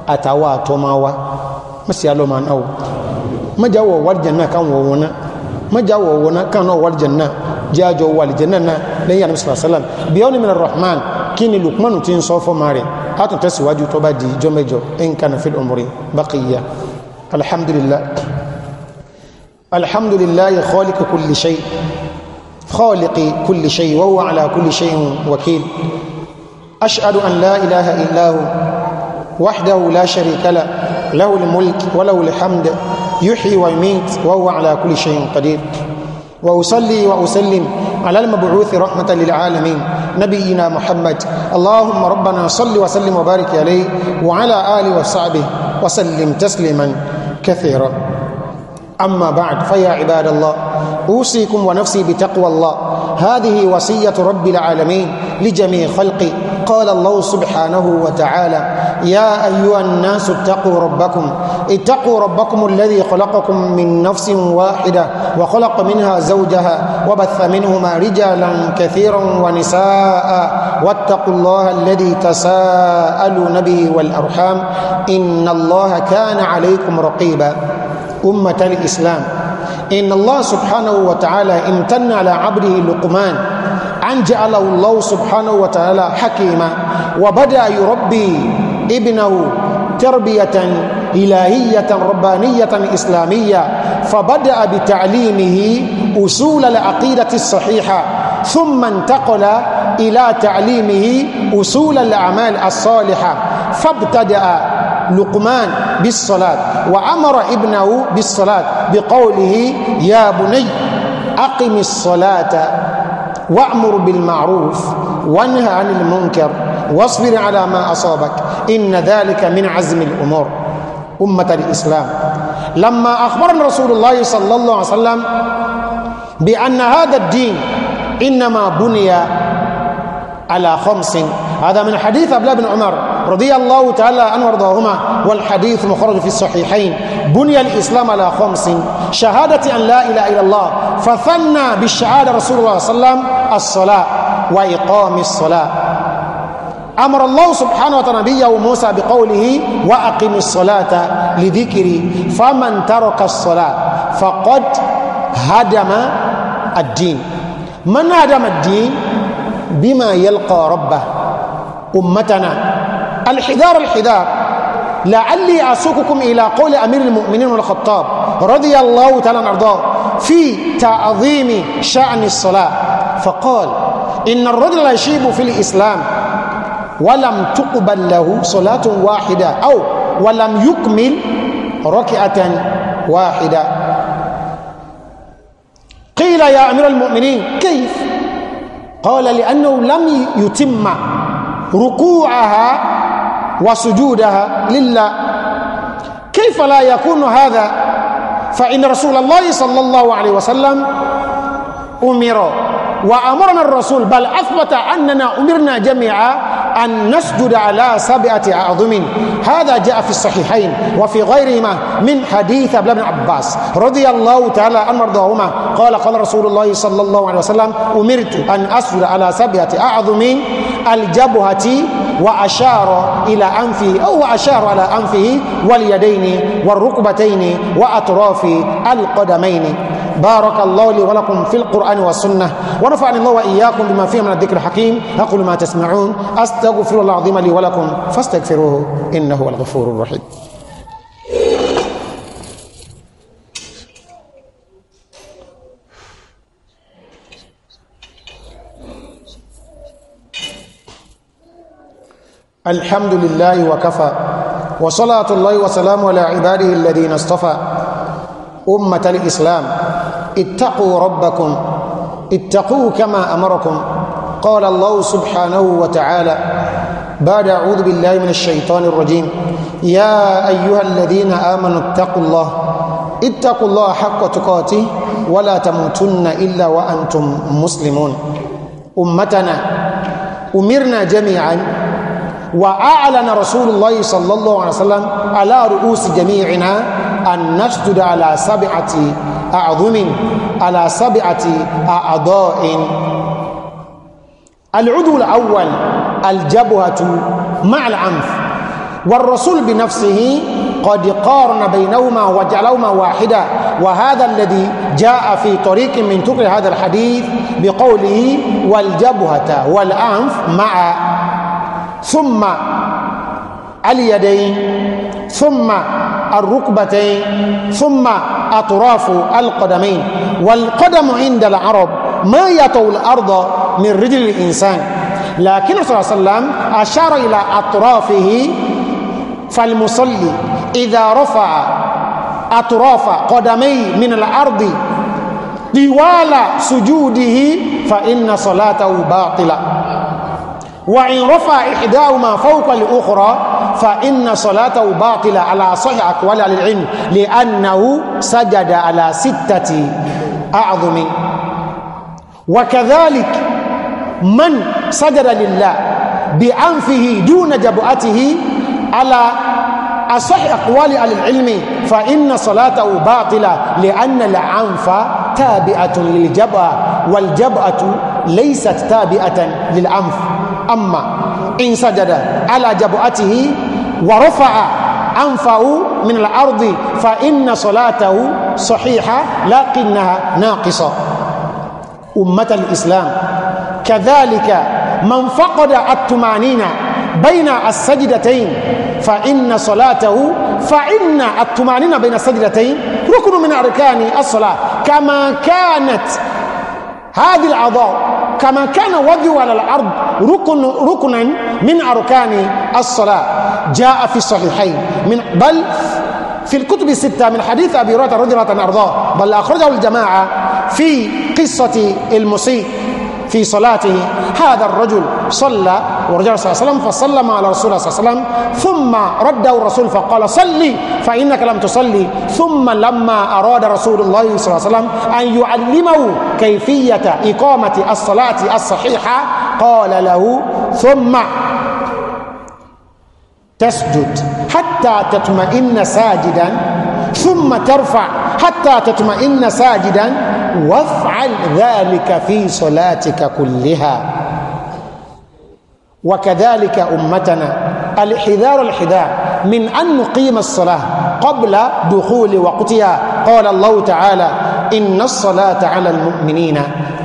àtàwa àtọ máa wá mẹsì alọ máa náà o mẹjà wọ wàlì jẹ náà káwọn wọ wọn náà mẹjà wọ wọn náà káwọn wàlì jẹ náà jẹ àjọ wàlì jẹ náà náà lẹ́yìn àdàmú sàlá sàlám bí wọn ni mìíràn rahman kí ni ti ń sọ fọmọ a tún tẹsíwájú tó bá di jọmẹjọ nǹkan fil umri baqiya alhamdulillah alhamdulillah khaliq kulli shay. خالق كل شيء وهو على كل شيء وكيل أشهد أن لا إله إلا هو وحده لا شريك له له الملك وله الحمد يحيي ويميت وهو على كل شيء قدير وأصلي وأسلم على المبعوث رحمة للعالمين نبينا محمد اللهم ربنا صل وسلم وبارك عليه وعلى آله وصحبه وسلم تسليما كثيرا أما بعد فيا عباد الله أوصيكم ونفسي بتقوى الله هذه وصية رب العالمين لجميع خلقي قال الله سبحانه وتعالى يا أيها الناس اتقوا ربكم اتقوا ربكم الذي خلقكم من نفس واحدة وخلق منها زوجها وبث منهما رجالا كثيرا ونساء واتقوا الله الذي تساءلون به والأرحام إن الله كان عليكم رقيبا أمة الإسلام إن الله سبحانه وتعالى امتن على عبده لقمان أن جعله الله سبحانه وتعالى حكيما وبدأ يربي ابنه تربية إلهية ربانية إسلامية فبدأ بتعليمه أصول العقيدة الصحيحة ثم انتقل إلى تعليمه أصول الأعمال الصالحة فابتدأ لقمان بالصلاة وأمر ابنه بالصلاة بقوله يا بني أقم الصلاة وأمر بالمعروف وانهى عن المنكر واصبر على ما أصابك إن ذلك من عزم الأمور أمة الإسلام لما أخبرنا رسول الله صلى الله عليه وسلم بأن هذا الدين إنما بني على خمس هذا من حديث أبلا بن عمر رضي الله تعالى عنه وارضاهما والحديث المخرج في الصحيحين بني الإسلام على خمس شهادة أن لا إله إلا الله فثنى بالشهادة رسول الله صلى الله عليه وسلم الصلاة وإقام الصلاة أمر الله سبحانه وتعالى نبيه موسى بقوله وأقم الصلاة لذكري فمن ترك الصلاة فقد هدم الدين من هدم الدين بما يلقى ربه أمتنا الحذار الحذار لعلي أسوقكم إلى قول أمير المؤمنين الخطاب رضي الله تعالى عنه في تعظيم شأن الصلاة فقال إن الرجل يشيب في الإسلام ولم تقبل له صلاة واحدة أو ولم يكمل ركعة واحدة قيل يا أمير المؤمنين كيف قال لأنه لم يتم ركوعها وسجودها لله كيف لا يكون هذا فإن رسول الله صلى الله عليه وسلم أمر وأمرنا الرسول بل أثبت أننا أمرنا جميعا أن نسجد على سبعة أعظم هذا جاء في الصحيحين وفي غيرهما من حديث عبد بن عباس رضي الله تعالى عن مرضاهما قال قال رسول الله صلى الله عليه وسلم أمرت أن أسجد على سبعة أعظم الجبهة وأشار إلى أنفه أو أشار على أنفه واليدين والركبتين وأطراف القدمين بارك الله لي ولكم في القرآن والسنة ونفعني الله وإياكم بما فيه من الذكر الحكيم أقول ما تسمعون أستغفر الله العظيم لي ولكم فاستغفروه إنه الغفور الرحيم الحمد لله وكفى وصلاة الله وسلام على عباده الذين اصطفى أمة الإسلام اتقوا ربكم اتقوا كما أمركم قال الله سبحانه وتعالى بعد أعوذ بالله من الشيطان الرجيم يا أيها الذين آمنوا اتقوا الله اتقوا الله حق تقاته ولا تموتن إلا وأنتم مسلمون أمتنا أمرنا جميعاً وأعلن رسول الله صلى الله عليه وسلم على رؤوس جميعنا أن نسجد على سبعة أعظم على سبعة أعضاء العضو الأول الجبهة مع العنف والرسول بنفسه قد قارن بينهما وجعلهما واحدة وهذا الذي جاء في طريق من تقر هذا الحديث بقوله والجبهة والأنف مع ثم اليدين ثم الركبتين ثم أطراف القدمين والقدم عند العرب ما يطول الأرض من رجل الإنسان لكن صلى الله عليه وسلم أشار إلى أطرافه فالمصلي إذا رفع أطراف قدميه من الأرض طوال سجوده فإن صلاته باطلة وإن رفع إحداهما فوق الأخرى فإن صلاته باطلة على صحيح أقوال العلم لأنه سجد على ستة أعظم وكذلك من سجد لله بأنفه دون جبؤته على أصح أقوال أهل العلم فإن صلاته باطلة لأن العنف تابعة للجبأة والجبأة ليست تابعة للعنف أما إن سجد على جبؤته ورفع أنفه من الأرض فإن صلاته صحيحة لكنها ناقصة أمة الإسلام كذلك من فقد الطمانينة بين السجدتين فإن صلاته فإن الطمانينة بين السجدتين ركن من أركان الصلاة كما كانت هذه الأعضاء كما كان وضع على الأرض ركن ركنا من أركان الصلاة جاء في الصحيحين من بل في الكتب الستة من حديث أبي هريرة رضي الله عنه أرضاه بل أخرجه الجماعة في قصة المسيء في صلاته هذا الرجل صلى ورجع صلى الله عليه وسلم فصلى مع رسول الله صلى الله عليه وسلم ثم رده الرسول فقال صلي فإنك لم تصلي ثم لما أراد رسول الله صلى الله عليه وسلم أن يعلمه كيفية إقامة الصلاة الصحيحة قال له ثم تسجد حتى تطمئن ساجدا ثم ترفع حتى تطمئن ساجدا وافعل ذلك في صلاتك كلها وكذلك أمتنا الحذار الحذار من أن نقيم الصلاة قبل دخول وقتها قال الله تعالى إن الصلاة على المؤمنين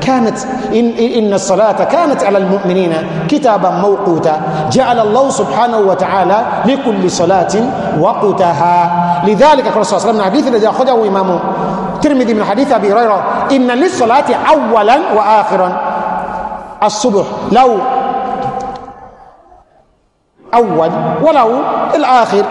كانت إن, إن الصلاة كانت على المؤمنين كتابا موقوتا جعل الله سبحانه وتعالى لكل صلاة وقتها لذلك قال صلى الله عليه وسلم الحديث الذي أخذه إمام ترمذي من حديث أبي هريرة إن للصلاة أولا وآخرا الصبح لو أول ولو الآخر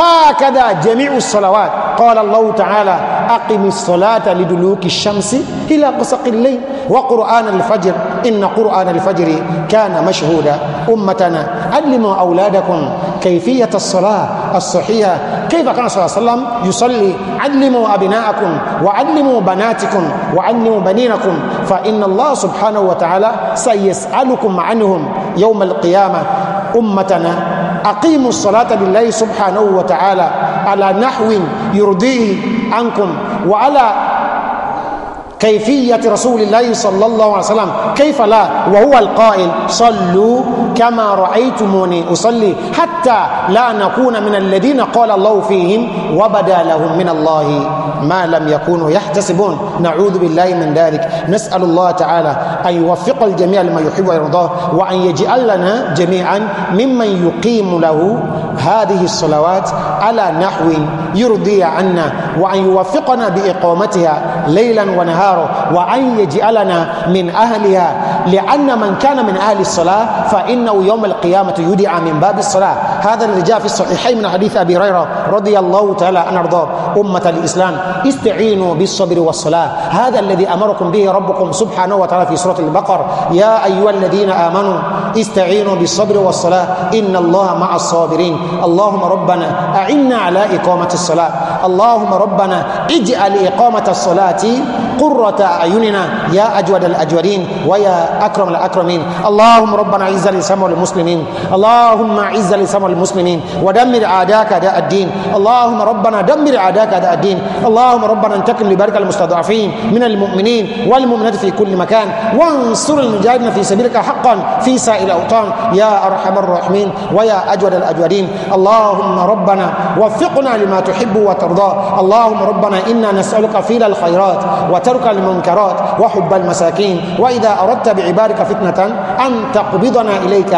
هكذا جميع الصلوات قال الله تعالى أقم الصلاة لدلوك الشمس إلى قسق الليل وقرآن الفجر إن قرآن الفجر كان مشهودا أمتنا علموا أولادكم كيفية الصلاة الصحية كيف كان صلى الله عليه وسلم يصلي علموا أبناءكم وعلموا بناتكم وعلموا بنينكم فإن الله سبحانه وتعالى سيسألكم عنهم يوم القيامة أمتنا أقيموا الصلاة لله سبحانه وتعالى على نحو يرضيه عنكم وعلى كيفية رسول الله صلى الله عليه وسلم كيف لا وهو القائل صلوا كما رأيتموني أصلي حتى حتى لا نكون من الذين قال الله فيهم وبدا لهم من الله ما لم يكونوا يحتسبون نعوذ بالله من ذلك نسأل الله تعالى أن يوفق الجميع لما يحب ويرضاه وأن يجعلنا جميعا ممن يقيم له هذه الصلوات على نحو يرضي عنا وأن يوفقنا بإقامتها ليلا ونهارا وأن يجعلنا من أهلها لأن من كان من أهل الصلاة فإنه يوم القيامة يدعى من باب الصلاة هذا اللي جاء في الصحيحين من حديث أبي هريرة رضي الله تعالى عنه أرضاه أمة الإسلام استعينوا بالصبر والصلاة هذا الذي أمركم به ربكم سبحانه وتعالى في سورة البقر يا أيها الذين آمنوا استعينوا بالصبر والصلاة إن الله مع الصابرين اللهم ربنا أعنا على إقامة الصلاة اللهم ربنا اجعل إقامة الصلاة قرة أعيننا يا أجود الأجودين ويا أكرم الأكرمين اللهم ربنا عز لسمع المسلمين اللهم عز لسمع المسلمين ودمر عداك داء الدين اللهم ربنا دمر عداك إنك على الدين اللهم ربنا انتقم لبارك المستضعفين من المؤمنين والمؤمنات في كل مكان وانصر المجاهدين في سبيلك حقا في سائر الأوطان يا أرحم الراحمين ويا أجود الأجودين اللهم ربنا وفقنا لما تحب وترضى اللهم ربنا إنا نسألك فيل الخيرات وترك المنكرات وحب المساكين وإذا أردت بعبادك فتنة أن تقبضنا إليك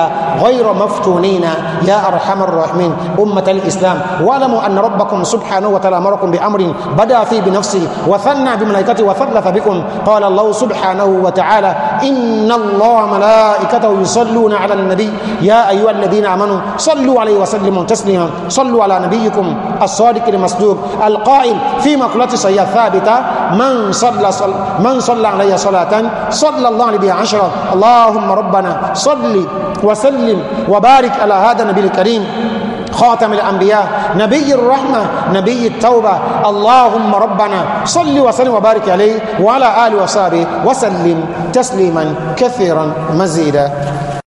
غير مفتونين يا أرحم الراحمين أمة الإسلام واعلموا أن ربكم سبحانه وتعالى أمركم بأمر بدأ فيه بنفسه وثنى بملائكته وثلث بكم قال الله سبحانه وتعالى إن الله ملائكته يصلون على النبي يا أيها الذين آمنوا صلوا عليه وسلموا تسليما صلوا على نبيكم الصادق المصدوق القائل في مقولة صحيحة ثابتة من صلى صل من صلى علي صلاة صلى الله عليه بها عشرة اللهم ربنا صل وسلم وبارك على هذا النبي الكريم خاتم الأنبياء نبي الرحمة نبي التوبة اللهم ربنا صل وسلم وبارك عليه وعلى آله وصحبه وسلم تسليما كثيرا مزيدا